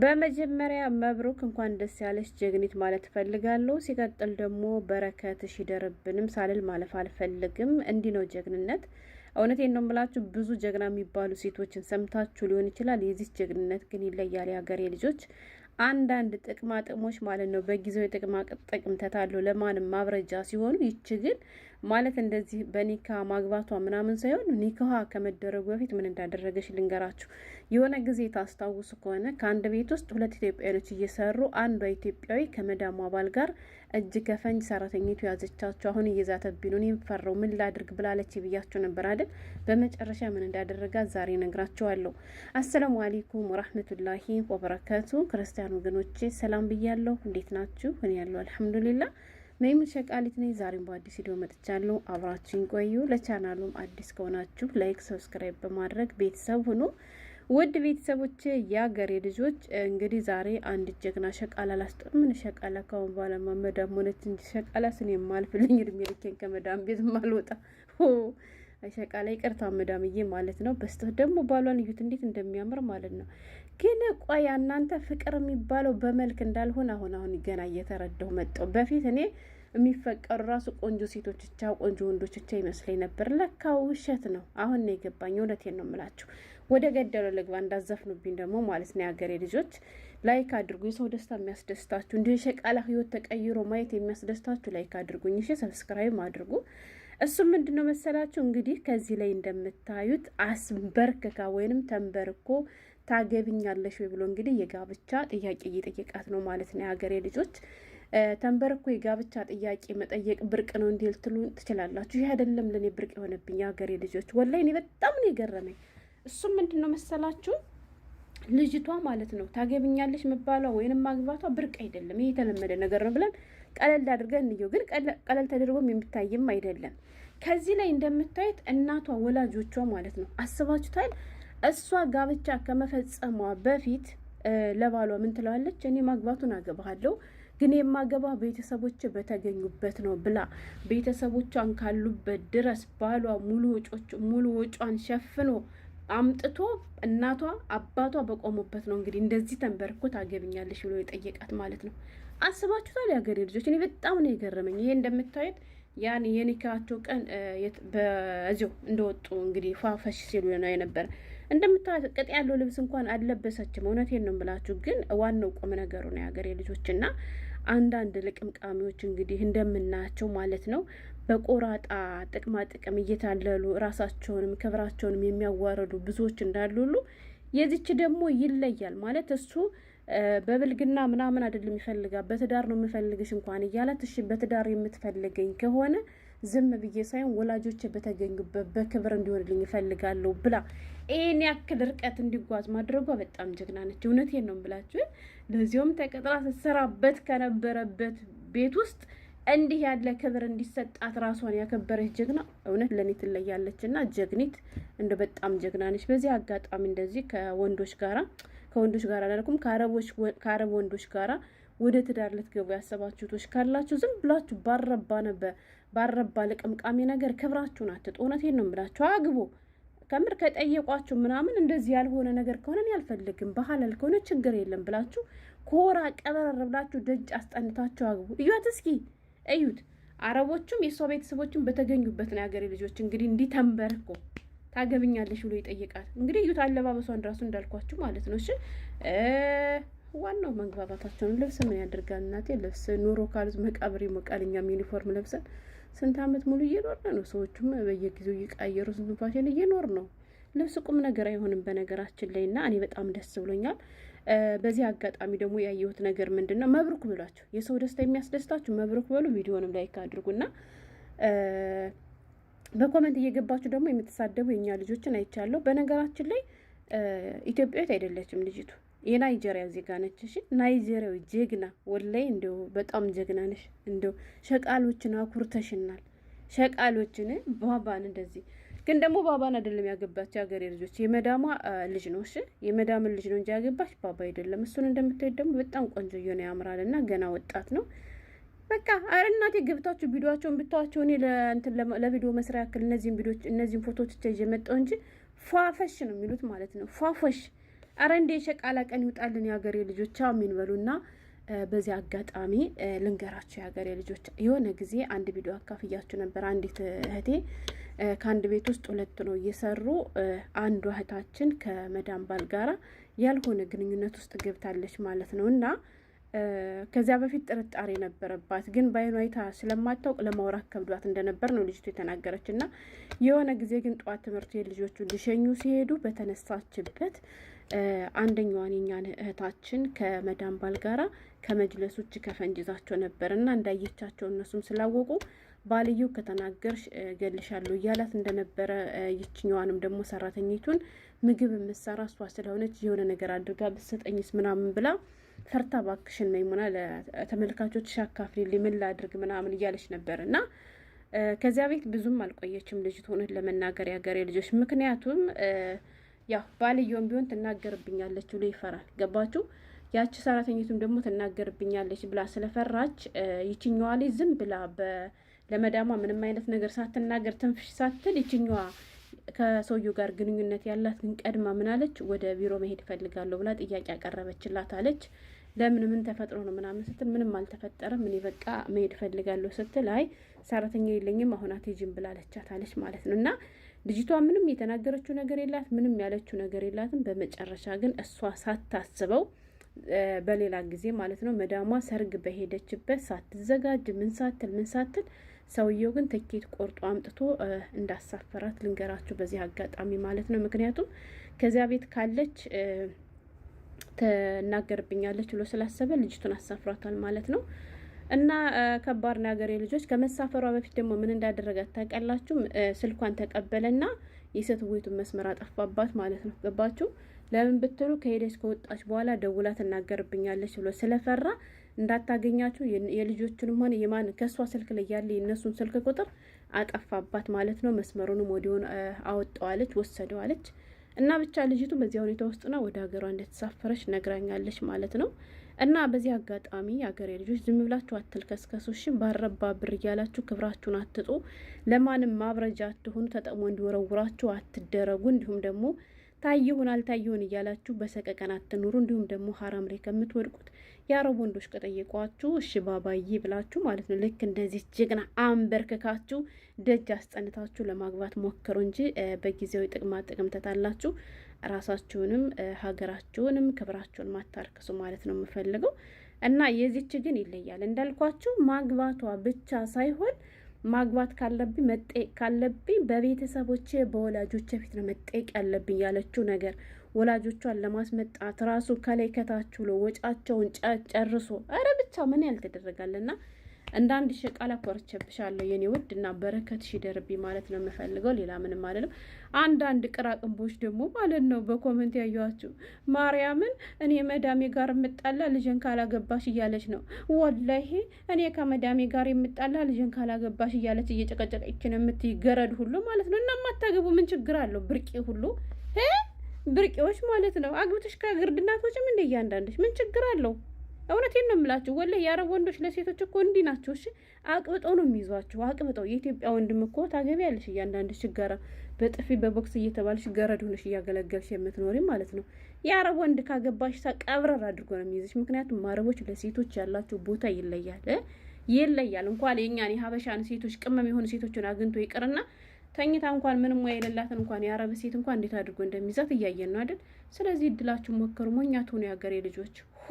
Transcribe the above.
በመጀመሪያ መብሩክ እንኳን ደስ ያለሽ ጀግኒት ማለት ፈልጋለሁ ሲቀጥል ደግሞ በረከትሽ ይደርብንም ሳልል ማለፍ አልፈልግም። እንዲህ ነው ጀግንነት። እውነት ነው የምላችሁ። ብዙ ጀግና የሚባሉ ሴቶችን ሰምታችሁ ሊሆን ይችላል። የዚህ ጀግንነት ግን ይለያል። የሀገሬ ልጆች አንዳንድ ጥቅማ ጥቅሞች ማለት ነው በጊዜው የጥቅማ ጥቅም ተታለው ለማንም ማብረጃ ሲሆኑ፣ ይች ግን ማለት እንደዚህ በኒካ ማግባቷ ምናምን ሳይሆን ኒካዋ ከመደረጉ በፊት ምን እንዳደረገች ልንገራችሁ። የሆነ ጊዜ ታስታውሱ ከሆነ ከአንድ ቤት ውስጥ ሁለት ኢትዮጵያውያኖች እየሰሩ አንዷ ኢትዮጵያዊ ከመዳሟ አባል ጋር እጅ ከፈንጅ ሰራተኝቱ ያዘቻቸው። አሁን እየዛተብኝ ነው፣ የምፈራው ምን ላድርግ ብላለች ብያቸው ነበር አይደል? በመጨረሻ ምን እንዳደረጋ ዛሬ ነግራቸዋለሁ። አሰላሙ አሌይኩም ወራህመቱላሂ ወበረከቱ። ክርስቲያን ወገኖቼ ሰላም ብያለሁ። እንዴት ናችሁ? እኔ ያለው አልሐምዱሊላ ነይም ሸቃሊት ነኝ። ዛሬም በአዲስ ቪዲዮ መጥቻለሁ። አብራችሁን ቆዩ። ለቻናሉም አዲስ ከሆናችሁ ላይክ፣ ሰብስክራይብ በማድረግ ቤተሰብ ሁኑ። ውድ ቤተሰቦች የሀገሬ ልጆች እንግዲህ ዛሬ አንድ ጀግና ሸቃላ ላስጠር። ምን ሸቃላ ካሁን በኋላማ መዳም ሆነች እንጂ ሸቃላ ስኔ የማልፍልኝ እድሜ ልኬን ከመዳም ቤት ማልወጣ ሸቃላ ይቅርታ መዳምዬ ማለት ነው። በስተ ደግሞ ባሏን እዩት እንዴት እንደሚያምር ማለት ነው። ግን ቆያ እናንተ ፍቅር የሚባለው በመልክ እንዳልሆነ አሁን አሁን ገና እየተረዳው መጣሁ። በፊት እኔ የሚፈቀሩ ራሱ ቆንጆ ሴቶች ቻ ቆንጆ ወንዶች ቻ ይመስለኝ ነበር። ለካ ውሸት ነው። አሁን ነው የገባኝ። እውነቴን ነው የምላችሁ። ወደ ገደሉ ልግባ እንዳዘፍኑብኝ ደግሞ ማለት ነው። የሀገሬ ልጆች ላይክ አድርጉ። የሰው ደስታ የሚያስደስታችሁ እንዲሁ የሸቃላ ህይወት ተቀይሮ ማየት የሚያስደስታችሁ ላይክ አድርጉኝ። እሺ፣ ሰብስክራይብ አድርጉ። እሱም ምንድን ነው መሰላችሁ እንግዲህ ከዚህ ላይ እንደምታዩት አስበርክካ ወይንም ተንበርኮ ታገብኛለሽ ወይ ብሎ እንግዲህ የጋብቻ ጥያቄ እየጠየቃት ነው ማለት ነው የሀገሬ ልጆች ተንበርኮ የጋብቻ ጥያቄ መጠየቅ ብርቅ ነው እንዲል ትሉ ትችላላችሁ። ይህ አይደለም ለእኔ ብርቅ የሆነብኝ የሀገሬ ልጆች። ወላይ እኔ በጣም ነው የገረመኝ። እሱም ምንድን ነው መሰላችሁ ልጅቷ ማለት ነው ታገብኛለች መባሏ ወይንም ማግባቷ ብርቅ አይደለም። ይህ የተለመደ ነገር ነው ብለን ቀለል አድርገን እንየው። ግን ቀለል ተደርጎም የሚታይም አይደለም። ከዚህ ላይ እንደምታዩት እናቷ ወላጆቿ ማለት ነው አስባችሁታል። እሷ ጋብቻ ከመፈጸሟ በፊት ለባሏ ምን ትለዋለች? እኔ ማግባቱን አገባሃለሁ ግን የማገባ ቤተሰቦች በተገኙበት ነው ብላ ቤተሰቦቿን ካሉበት ድረስ ባሏ ሙሉ ወጮች ሙሉ ወጯን ሸፍኖ አምጥቶ እናቷ አባቷ በቆሙበት ነው እንግዲህ እንደዚህ ተንበርኮ ታገብኛለሽ ብሎ የጠየቃት ማለት ነው። አስባችሁታል? የሀገሬ ልጆች እኔ በጣም ነው የገረመኝ። ይሄ እንደምታዩት ያን የኒካቸው ቀን በዚሁ እንደወጡ እንግዲህ ፋፈሽ ሲሉ ነው የነበረ። እንደምታዩት ቅጥ ያለው ልብስ እንኳን አልለበሰችም። እውነቴን ነው የምላችሁ። ግን ዋናው ቁም ነገሩ ነው የሀገሬ ልጆች እና አንዳንድ ልቅምቃሚዎች እንግዲህ እንደምናያቸው ማለት ነው በቆራጣ ጥቅማ ጥቅም እየታለሉ ራሳቸውንም ክብራቸውንም የሚያዋረዱ ብዙዎች እንዳሉሉ የዚች ደግሞ ይለያል ማለት እሱ በብልግና ምናምን አይደለም ይፈልጋል። በትዳር ነው የምፈልግሽ እንኳን እያላት እሺ በትዳር የምትፈልገኝ ከሆነ ዝም ብዬ ሳይሆን ወላጆች በተገኙበት በክብር እንዲሆንልኝ ይፈልጋለሁ ብላ ይህን ያክል ርቀት እንዲጓዝ ማድረጓ በጣም ጀግና ነች። እውነቴን ነው ብላችሁ ለዚሁም ተቀጥራ ስትሰራበት ከነበረበት ቤት ውስጥ እንዲህ ያለ ክብር እንዲሰጣት ራሷን ያከበረች ጀግና እውነት ለእኔ ትለያለች እና ጀግኒት እንደ በጣም ጀግና ነች። በዚህ አጋጣሚ እንደዚህ ከወንዶች ጋራ ከወንዶች ጋር አላልኩም ከአረብ ወንዶች ጋራ ወደ ትዳር ልትገቡ ያሰባችሁቶች ካላችሁ ዝም ብላችሁ ባረባ ነበር ባረባ ልቅምቃሚ ነገር ክብራችሁን አትጡ። እውነቴን ነው የምላችሁ፣ አግቡ። ከምር ከጠየቋችሁ ምናምን እንደዚህ ያልሆነ ነገር ከሆነ ያልፈልግም ባህላል ከሆነ ችግር የለም ብላችሁ ኮራ ቀበረር ብላችሁ ደጅ አስጠንታችሁ አግቡ። እዩት እስኪ እዩት። አረቦቹም የእሷ ቤተሰቦችም በተገኙበት ነው የሀገሬ ልጆች እንግዲህ እንዲህ ተንበርኮ ታገብኛለሽ ብሎ ይጠይቃል። እንግዲህ እዩት አለባበሷን ራሱ እንዳልኳችሁ ማለት ነው። እሺ ዋናው መግባባታቸውን ልብስ ምን ያደርጋል እናቴ ልብስ ኑሮ ካሉት መቃብር ይሞቃል። እኛም ዩኒፎርም ለብሰን ስንት ዓመት ሙሉ እየኖርን ነው። ሰዎቹም በየጊዜው እየቀያየሩ ስንቱን እየኖር ነው። ልብስ ቁም ነገር አይሆንም በነገራችን ላይ እና እኔ በጣም ደስ ብሎኛል። በዚህ አጋጣሚ ደግሞ ያየሁት ነገር ምንድን ነው? መብሩክ ብሏቸው የሰው ደስታ የሚያስደስታችሁ መብሩክ በሉ። ቪዲዮንም ላይክ አድርጉና በኮመንት እየገባችሁ ደግሞ የምትሳደቡ የኛ ልጆችን አይቻለሁ። በነገራችን ላይ ኢትዮጵያዊት አይደለችም ልጅቱ የናይጄሪያ ዜጋ ነች። እሺ ናይጄሪያዊ ጀግና፣ ወላይ እንደው በጣም ጀግና ነሽ። እንደው ሸቃሎችን አኩርተሽናል። ሸቃሎችን ባባን እንደዚህ ግን ደግሞ ባባን አይደለም ያገባች ሀገሬ ልጆች፣ የመዳማ ልጅ ነው። እሺ የመዳምን ልጅ ነው እንጂ ያገባች ባባ አይደለም። እሱን እንደምታዩት ደግሞ በጣም ቆንጆ እየሆነ ያምራል፣ እና ገና ወጣት ነው። በቃ አረ እናቴ ገብታችሁ ቪዲዮቸውን ብታዋቸው። እኔ ለቪዲዮ መስሪያ ያክል እነዚህን ቪዲዮች እነዚህን ፎቶዎች ይዤ መጣሁ እንጂ ፏፈሽ ነው የሚሉት ማለት ነው ፏፈሽ አረ እንደ የሸቃላ ቀን ይውጣልን የሀገሬ ልጆች አሜን በሉና። በዚህ አጋጣሚ ልንገራቸው የሀገሬ ልጆች፣ የሆነ ጊዜ አንድ ቪዲዮ አካፍያችሁ ነበር። አንዲት እህቴ ከአንድ ቤት ውስጥ ሁለት ነው እየሰሩ፣ አንዷ እህታችን ከመዳም ባል ጋራ ያልሆነ ግንኙነት ውስጥ ገብታለች ማለት ነው እና ከዚያ በፊት ጥርጣሬ ነበረባት፣ ግን በአይኗ አይታ ስለማታውቅ ለማውራት ከብዷት እንደነበር ነው ልጅቱ የተናገረች እና የሆነ ጊዜ ግን ጠዋት ትምህርት የልጆቹ ሊሸኙ ሲሄዱ በተነሳችበት አንደኛዋን የኛን እህታችን ከመዳም ባል ጋራ ከመጅለስ ውጭ ከፈንጅ ይዛቸው ነበር እና እንዳየቻቸው እነሱም ስላወቁ ባልየው ከተናገርሽ እገልሻለሁ እያላት እንደነበረ ይችኛዋንም ደግሞ ሰራተኝቱን ምግብ የምትሰራ እሷ ስለሆነች የሆነ ነገር አድርጋ ብትሰጠኝስ ምናምን ብላ ፈርታ ባክሽን ነው ለተመልካቾች ሻካፍሪ ምን ላድርግ ምናምን እያለች ነበር እና ከዚያ ቤት ብዙም አልቆየችም ልጅት ሆነት ለመናገር ያገሬ ልጆች ምክንያቱም ያው ባልየውም ቢሆን ትናገርብኛለች ብሎ ይፈራል። ገባችሁ? ያቺ ሰራተኝቱም ደግሞ ትናገርብኛለች ብላ ስለፈራች ይችኛዋ ላይ ዝም ብላ ለመዳሟ ምንም አይነት ነገር ሳትናገር ትንፍሽ ሳትል ይችኛዋ ከሰውየው ጋር ግንኙነት ያላት ግን ቀድማ ምናለች ወደ ቢሮ መሄድ እፈልጋለሁ ብላ ጥያቄ ያቀረበችላት አለች። ለምን ምን ተፈጥሮ ነው ምናምን ስትል ምንም አልተፈጠረም፣ እኔ በቃ መሄድ እፈልጋለሁ ስትል አይ ሰራተኛ የለኝም አሁን አትሄጂም ብላለቻት አለች ማለት ነው እና ልጅቷ ምንም የተናገረችው ነገር የላት፣ ምንም ያለችው ነገር የላትም። በመጨረሻ ግን እሷ ሳታስበው በሌላ ጊዜ ማለት ነው መዳሟ ሰርግ በሄደችበት ሳትዘጋጅ ምን ሳትል ምን ሳትል ሰውየው ግን ትኬት ቆርጦ አምጥቶ እንዳሳፈራት ልንገራችሁ በዚህ አጋጣሚ ማለት ነው። ምክንያቱም ከዚያ ቤት ካለች ትናገርብኛለች ብሎ ስላሰበ ልጅቱን አሳፍሯታል ማለት ነው። እና ከባድ ነገር የልጆች ልጆች። ከመሳፈሯ በፊት ደግሞ ምን እንዳደረጋት ታውቃላችሁ? ስልኳን ተቀበለና የሴትዮቱን መስመር አጠፋባት ማለት ነው። ገባችሁ? ለምን ብትሉ ከሄደች ከወጣች በኋላ ደውላ ትናገርብኛለች ብሎ ስለፈራ እንዳታገኛችሁ የልጆቹንም ሆነ የማን ከእሷ ስልክ ላይ ያለ የእነሱን ስልክ ቁጥር አጠፋባት ማለት ነው። መስመሩንም ወዲሆን አወጣዋለች፣ ወሰደዋለች እና ብቻ ልጅቱ በዚያ ሁኔታ ውስጥ ነው ወደ ሀገሯ እንደተሳፈረች ነግራኛለች ማለት ነው። እና በዚህ አጋጣሚ የአገሬ ልጆች ዝም ብላችሁ አትልከስከሱሽን ባረባ ብር እያላችሁ ክብራችሁን አትጡ። ለማንም ማብረጃ አትሆኑ። ተጠቅሞ እንዲወረውራችሁ አትደረጉ። እንዲሁም ደግሞ ታየሁን አልታየሁን እያላችሁ በሰቀቀን አትኑሩ። እንዲሁም ደግሞ ሀራም ላይ ከምትወድቁት የአረብ ወንዶች ከጠየቋችሁ እሺ ባባዬ ብላችሁ ማለት ነው። ልክ እንደዚህ ጀግና አንበርክካችሁ ደጅ አስጠንታችሁ ለማግባት ሞክሩ እንጂ በጊዜያዊ ጥቅማ ጥቅም ተታላችሁ ራሳችሁንም ሀገራችሁንም ክብራችሁን ማታርክሱ ማለት ነው የምፈልገው እና የዚች ግን ይለያል እንዳልኳችሁ ማግባቷ ብቻ ሳይሆን ማግባት ካለብኝ መጠየቅ ካለብኝ በቤተሰቦቼ በወላጆቼ ፊት ነው መጠየቅ ያለብኝ ያለችው ነገር ወላጆቿን ለማስመጣት ራሱ ከላይ ከታች ብሎ ወጫቸውን ጨርሶ አረ ብቻ ምን ያልተደረጋልና እንደ አንድ ሸቃላ ኮርቸብሻለሁ የኔ ውድ እና በረከት ሺ ማለት ነው የምፈልገው ሌላ ምንም አይደለም። አንዳንድ ቅራቅንቦች ደግሞ ማለት ነው በኮመንት ያየኋቸው ማርያምን እኔ መዳሜ ጋር የምጣላ ልጅን ካላገባሽ እያለች ነው። ወላሂ እኔ ከመዳሜ ጋር የምጣላ ልጅን ካላገባሽ እያለች እየጨቀጨቀች የምትይ ገረድ ሁሉ ማለት ነው። እና ማታገቡ ምን ችግር አለው? ብርቄ ሁሉ ብርቄዎች ማለት ነው። አግብተሽ ከግርድናቶችም እንደ እያንዳንደች ምን ችግር አለው? እውነቴን ነው የምላችሁ። ወላሂ የአረብ ወንዶች ለሴቶች እኮ እንዲህ ናቸው። እሺ አቅብጠው ነው የሚይዟቸው፣ አቅብጠው። የኢትዮጵያ ወንድም እኮ ታገቢያለሽ፣ እያንዳንድ ጋራ በጥፊ በቦክስ እየተባለሽ ገረድ ሆነሽ እያገለገልሽ የምትኖሪ ማለት ነው። የአረብ ወንድ ካገባሽ ቀብረር አድርጎ ነው የሚይዝሽ። ምክንያቱም አረቦች ለሴቶች ያላቸው ቦታ ይለያል፣ ይለያል። እንኳን የእኛን የሀበሻን ሴቶች ቅመም የሆኑ ሴቶችን አግኝቶ ይቅርና ተኝታ እንኳን ምንም ሙያ የሌላትን እንኳን የአረብ ሴት እንኳን እንዴት አድርጎ እንደሚይዛት እያየን ነው አይደል? ስለዚህ እድላችሁ ሞከሩ፣ ሞኛ ትሆኑ የሀገሬ ልጆች ሆ